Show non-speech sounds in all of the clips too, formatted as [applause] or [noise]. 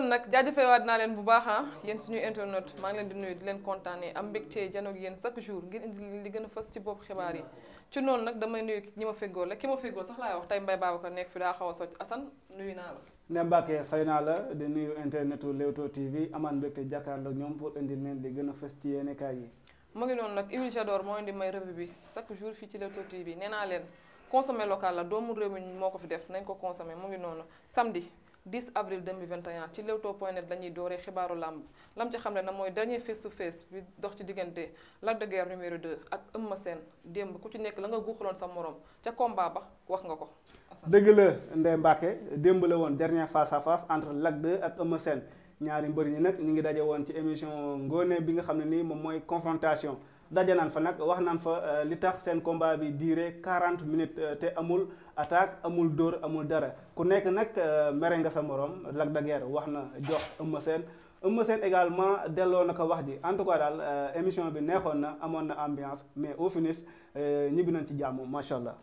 noonu nag jaajëfewaat naa leen bu baax ah yéen suñuy internet maa ngi leen di nuyu di leen kontaanee am mbégte janoog yéen chaque jour ngir indi li gën a fës ci bopp yi ci nag damay nuyu ñi ma feggoo la ki ma feggoo sax laay wax tey Mbaye Babacar nekk fi daa xaw a socc Assane nuyu naa la ne Mbacke fay naa la di nuyu internetu Leewtoo TV amaan mbégte jàkkaarloo ñoom pour indi leen li gën a fës ci yéenekaay yi mu ngi noonu nag Iwil Jador moo indi may revue bi chaque jour fii ci Leewtoo TV nee naa leen consommer local la doomu réew moo ko fi def nañ ko consommer mu ngi noonu samedi 10 avril 2021 ci Leewtoo point net la ñuy dooree xibaaru làmb lam ci xam ne na mooy dernier face to face bi dox ci diggante Lac de Guiers numéro 2 ak Eumeu Sène démb ku ci nekk la nga guuxaloon sa morom ca combat ba wax nga ko. dëgg la Ndeye Mbacke démb la woon dernier face à face entre Lac 2 ak Eumeu Sène ñaari mbër yi nag ñu ngi daje woon ci émission ngoonee bi nga xam ne nii moom mooy confrontation. daje naan fa nag wax naan fa euh, li tax seen combat bi duré quarante minutes euh, te amul attaque amul dóor amul dara ku nekk nag euh, mere nga sa morom Lac de wax na jox Eumeu Sène Eumeu Sène également delloo na ko wax ji en tout cas daal émission bi neexoon na amoon na ambiance mais au finish ñibbi nañ ci jàmm macha allah.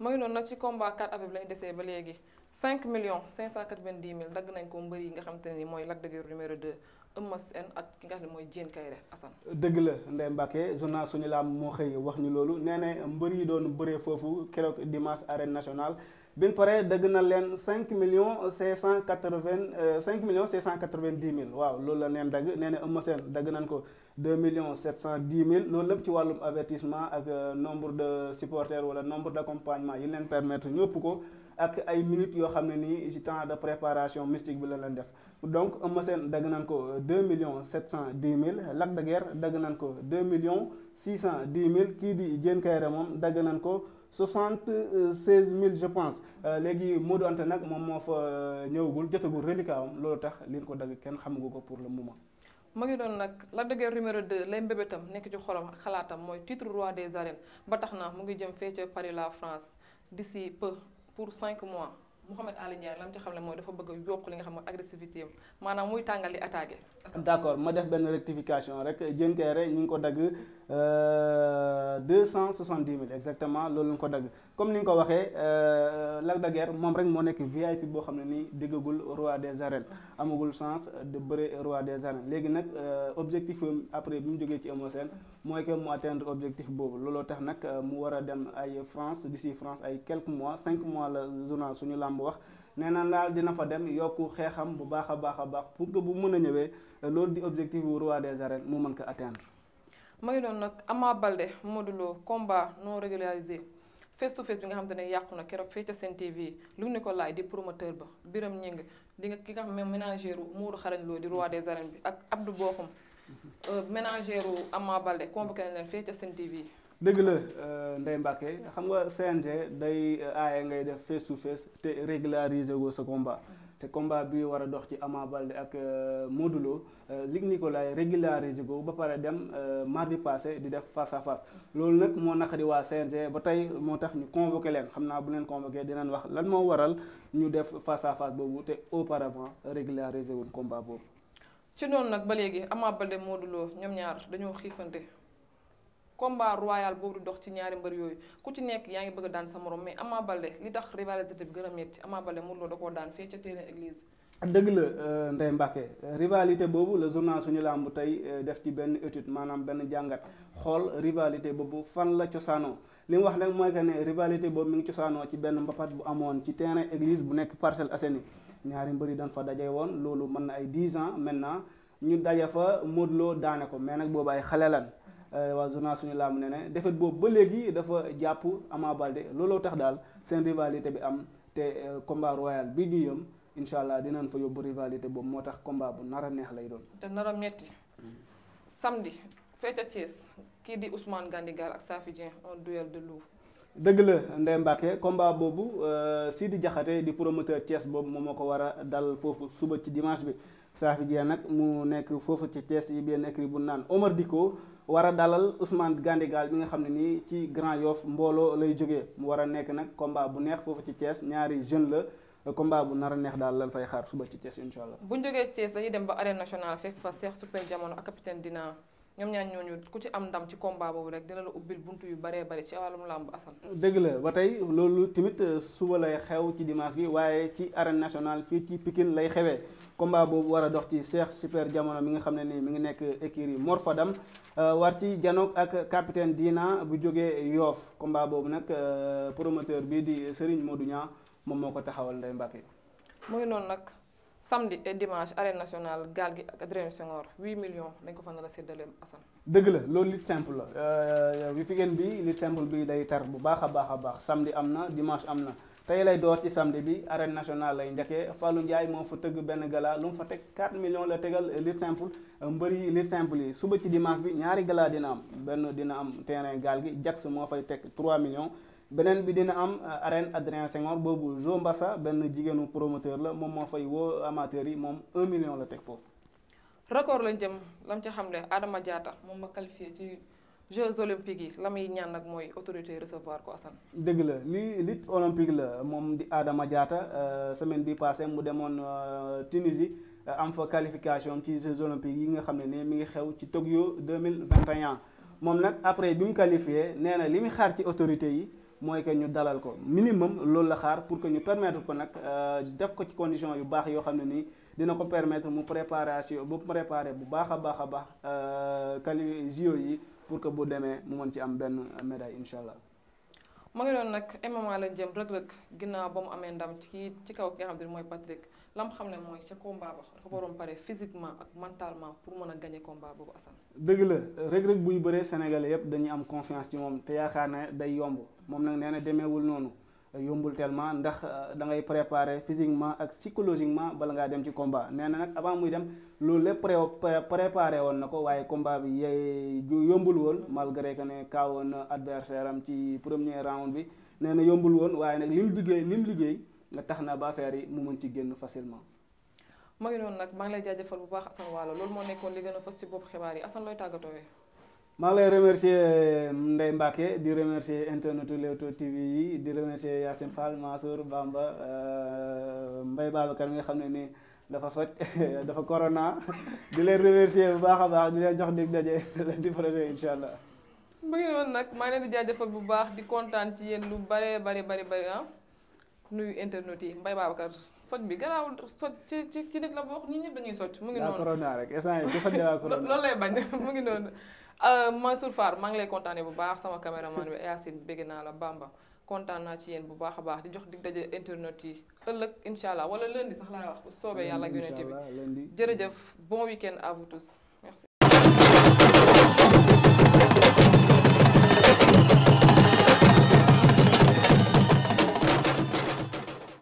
mu ngi noonu nag ci combat 4 avril lañ desee ba léegi 5 millions 590 mille dagg nañ ko mbër nga xam te ne nii mooy Lac de Eumeu Sène ak ki nga ne mooy Diène Kaïré Assane dëgg la Ndeye Mbacke journal suñu laam moo xëy wax ñu loolu nee na mbër yi doon bëree foofu keroog dimanche arène nationale bin pare dëgg na leen cinq millions cinq cent quatre-vingt euh, cinq millions cinq cent quatre-vingt-dix waaw loolu la neen dagg nee na Eumeu Sène dagg nañ ko deux millions sept cent dix mille loolu lépp ci wàllum avertissement ak euh, nombre de supporters wala nombre d' accompagnement yi leen permetre ñëpp ko ak ay minutes yoo xam ne nii ci temps de préparation mystique bi la leen def donc Eumeu Sène dagg nañ ko deux millions sept cent dix mille Lac de Guiers dagg nañ ko deux millions six cent dix mille kii di Diène Kaïré moom dagg nañ ko soixante seize mille je pense euh, léegi Modou Anta nag moom moo fa euh, ñëwagul jotagul reliquat am loolu tax liñ ko dagg kenn xamagu ko pour le moment. mu ngi doon nag la de Guiers numéro 2 lay mbébétam nekk ci xorom xalaatam mooy titre roi des arènes ba tax na mu ngi jëm fee ca Paris la France d'ici peu pour cinq mois Mouhamed Aly Ndiaye lam ci xam ne mooy dafa bëgg a yokk li nga xam mooy agressivité am maanaam muy tàngal di attaqué. ma def benn rectification rek Diène Kairé ñu ngi ko dagg euh, deux cent soixante dix mille exactement loolu lañ ko dagg comme ni nga ko waxee euh, Lac de Guiers moom rek moo nekk VIP boo xam ne nii déggagul roi des arènes amagul chance de bëre roi des arènes léegi nag euh, objectif après bi mu jógee ci Eumeu Sène mooy que mu atteindre objectif boobu looloo tax nag mu war a dem ay France d'ici France ay mois cinq mois la journal suñu làmb làmb wax nee na daal dina fa dem yokku xeexam bu baax a baax a baax pour que bu mën a ñëwee loolu di objectif bu roi des arènes mu mën ko atteindre. ma ngi doon nag Ama Baldé Modou Lo combat non régularisé face to face bi nga xamante ne yàqu na keroog fee ca Sen TV lu ne ko laay di promoteur ba Biram Ñing di nga ki nga xam ne ménagère Modou Xarañ Lo di roi des arènes bi ak Abdou Boxum [laughs] euh, ménagère Ama Baldé convoqué nañ leen fee ca Sen TV. dëgg la euh, Ndeye Mbacke xam nga CNG day euh, aaye ngay def face to face te régulariser go sa combat te combat bi war a dox ci Ama Baldé ak euh, Modou Lo Luc Nicolaï régulariser go ba pare dem mardi passé di def face à face loolu nag moo naqari waa CNG ba tey moo tax ñu convoqué leen xam naa bu leen di dinañ wax lan moo waral ñu def face à face boobu te auparavant régulariser woon combat boobu. ci noonu nag ba léegi Ama Baldé Modou Lo ñaar dañoo xiifante. combat royal boobu di dox ci ñaari mbër yooyu ku ci nekk yaa ngi bëgg daan sa morom mais Ama Baldé li tax rivalité bi gën a metti Ama Baldé Modou Lô da koo daan fee ca terrain la euh, Ndeye Mbacke boobu la journal suñu làmb tey euh, def ci benn étude maanaam benn jàngat xool rivalité boobu fan la cosaanoo li mu wax nag mooy que ne rivalité boobu mi ngi cosaanoo ci benn mbapat bu amoon ci terrain église bu nekk Parcelles Assainies ñaari mbër yi dañ fa dajee woon loolu mën na ay 10 ans maintenant ñu daje fa Modou loo daane ko mais nag boobu ay xale lan Euh, waa journal suñu làmb ne ne defet boobu ba léegi dafa jàpp Ama Baldé looloo tax daal seen rivalité bi am te euh, combat royal bi di incha allah dinañ fa yóbbu boobu moo tax combat bu nar a neex lay doon. te nar a metti samedi fête Thiès kii di Ousmane Gandigal ak Safi Dieng un duel de loup. dëgg la Ndeye Mbacke combat boobu euh, Sidi Diakhaté di promoteur Thiès boobu moom moo ko war a dal foofu suba ci dimanche bi Safi Dieng nag mu nekk foofu ci Thiès yi benn écrit bu naan Omar Diko. war a dalal Ousmane Gandigal bi nga xam ne nii ci Grand Yoff mbooloo lay jógee mu war a nekk nag combat bu neex foofu ci cees ñaari jeune la combat bu nar a neex daal lan fay xaar suba ci Thiès incha allah. bu ñu jógee Thiès dañuy dem ba arène nationale fekk fa Cheikh Super Jamono ak capitaine Dina. ñoom ñaan ñooñu ku ci am ndam ci combat boobu rek dina la ubbil bunt yu baree bari ci wàllum làmb asal dëgg la ba tey loolu tamit euh, suba lay xew ci dimanche bi waaye ci arène nationale fii ci pikin lay xewee combat boobu war a dox ci Cheikh Super Jamono mi nga xam ne nii mu ngi nekk écurie Mor Fadam euh, war ci janoog ak capitaine Dina bu jógee yoof combat boobu nag euh, promoteur bii di Serigne Modou Niang moom moo ko taxawal Ndeye Mbacké. muy noonu nag samedi et dimanche arène nationale gaal gi ak Adrien Senghor 8 millions dañ ko fa nar la séddale Assane. dëgg la loolu lutte simple la euh, weekend bi lutte simple bi day tar bu baax a baax a baax samedi am na dimanche am na tey lay door ci samedi bi arène nationale lay njëkkee Fallou Ndiaye moo fa tëgg benn gala lu mu fa teg 4 millions la tegal euh, lutte simple euh, mbër yi lutte simple yi suba ci dimanche bi ñaari galaa dina am benn dina am terrain gaal gi Jax moo fay teg 3 millions. beneen bi dina am euh, arène Adrien Senghor boobu Jo Mbassa benn jigéenu promoteur la moom moo fay woo amateur yi moom un million la teg foofu. record lañ jëm lam ci xam ne Adama Diatta moom ma qualifié ci Jeux olympiques yi la muy ñaan nag mooy autorité recevoir ko Assane. dëgg la lii lutte olympique la moom di Adama Diatta euh, semaine bi passé mu demoon euh, Tunisie am fa qualification ci Jeux olympiques yi nga xam ne nii mi ngi xew ci Tokyo 2021 moom nag après bi mu qualifié nee na li muy xaar ci autorité yi. mooy que ñu dalal ko minimum loolu la xaar pour que ñu permetre ko nag euh, def ko ci condition yu baax yoo xam ne nii dina ko permettre mu préparation bu préparer bu baax a baax a baax euh, quali JO yi pour que bu demee mu mën ci am benn médaille incha allah. ma ngi doon nag MMA lañ jëm rëg-rëg ginnaaw ba mu amee ndam ci ci kaw ki nga xam ne mooy Patrick lam xam ne mooy ca combat ba dafa waroon pare physiquement ak mentalement pour mën a gagner combat boobu Assane. dëgg la rëg-rëg buy bëree sénégal yëpp dañuy am confiance ci moom te yaakaar ne day yomb moom nag nee na demeewul noonu. yombul tellement ndax euh, da ngay préparer physiquement ak psychologiquement bala ngaa dem ci combat nee na nag avant muy dem loolu lépp pré préparé woon na ko waaye combat bi yey yombul woon malgré que ne kaawoon na adversaire am ci premier round bi nee na yombul woon waaye nag lim liggéey lim liggéey nga tax na ba affaire yi mu mën ci génn facilement. ma noonu nag maa lay jaajëfal bu baax Assane Waalo loolu moo nekkoon li gën a fës ci bopp xibaar yi Assane looy tàggatoo maa ngi lay remercier euh, Ndeye Mbacke di remercier internetu Leewtoo TV yi di remercier Yacine Fall Mansour Bamba euh, mbay Babacar mi nga xam ne ni dafa faj [laughs] dafa corona [laughs] di leen remercier bu baax a baax di leen jox dig daje leen di projet incha allah. mu ngi noonu nag maa leen di jaajëfal bu baax di kontaan ci yéen lu bare bari bari bari ah nuyu internet yi Mbaye Babacar soj bi garaawul soj ci ci nit la boo wax nit ñëpp dañuy soj. mu ngi noonu corona rek instant yii [laughs] Euh, Mansour Fall maa ngi lay kontaanee bu baax sama caméraman bi Yacine bëgg naa la Bamba kontaan naa ci yéen bu baax a baax di jox dig daje internet yi ëllëg incha allah wala lundi sax laay wax bu soobee yàlla ak yonente bi jërëjëf bon week-end à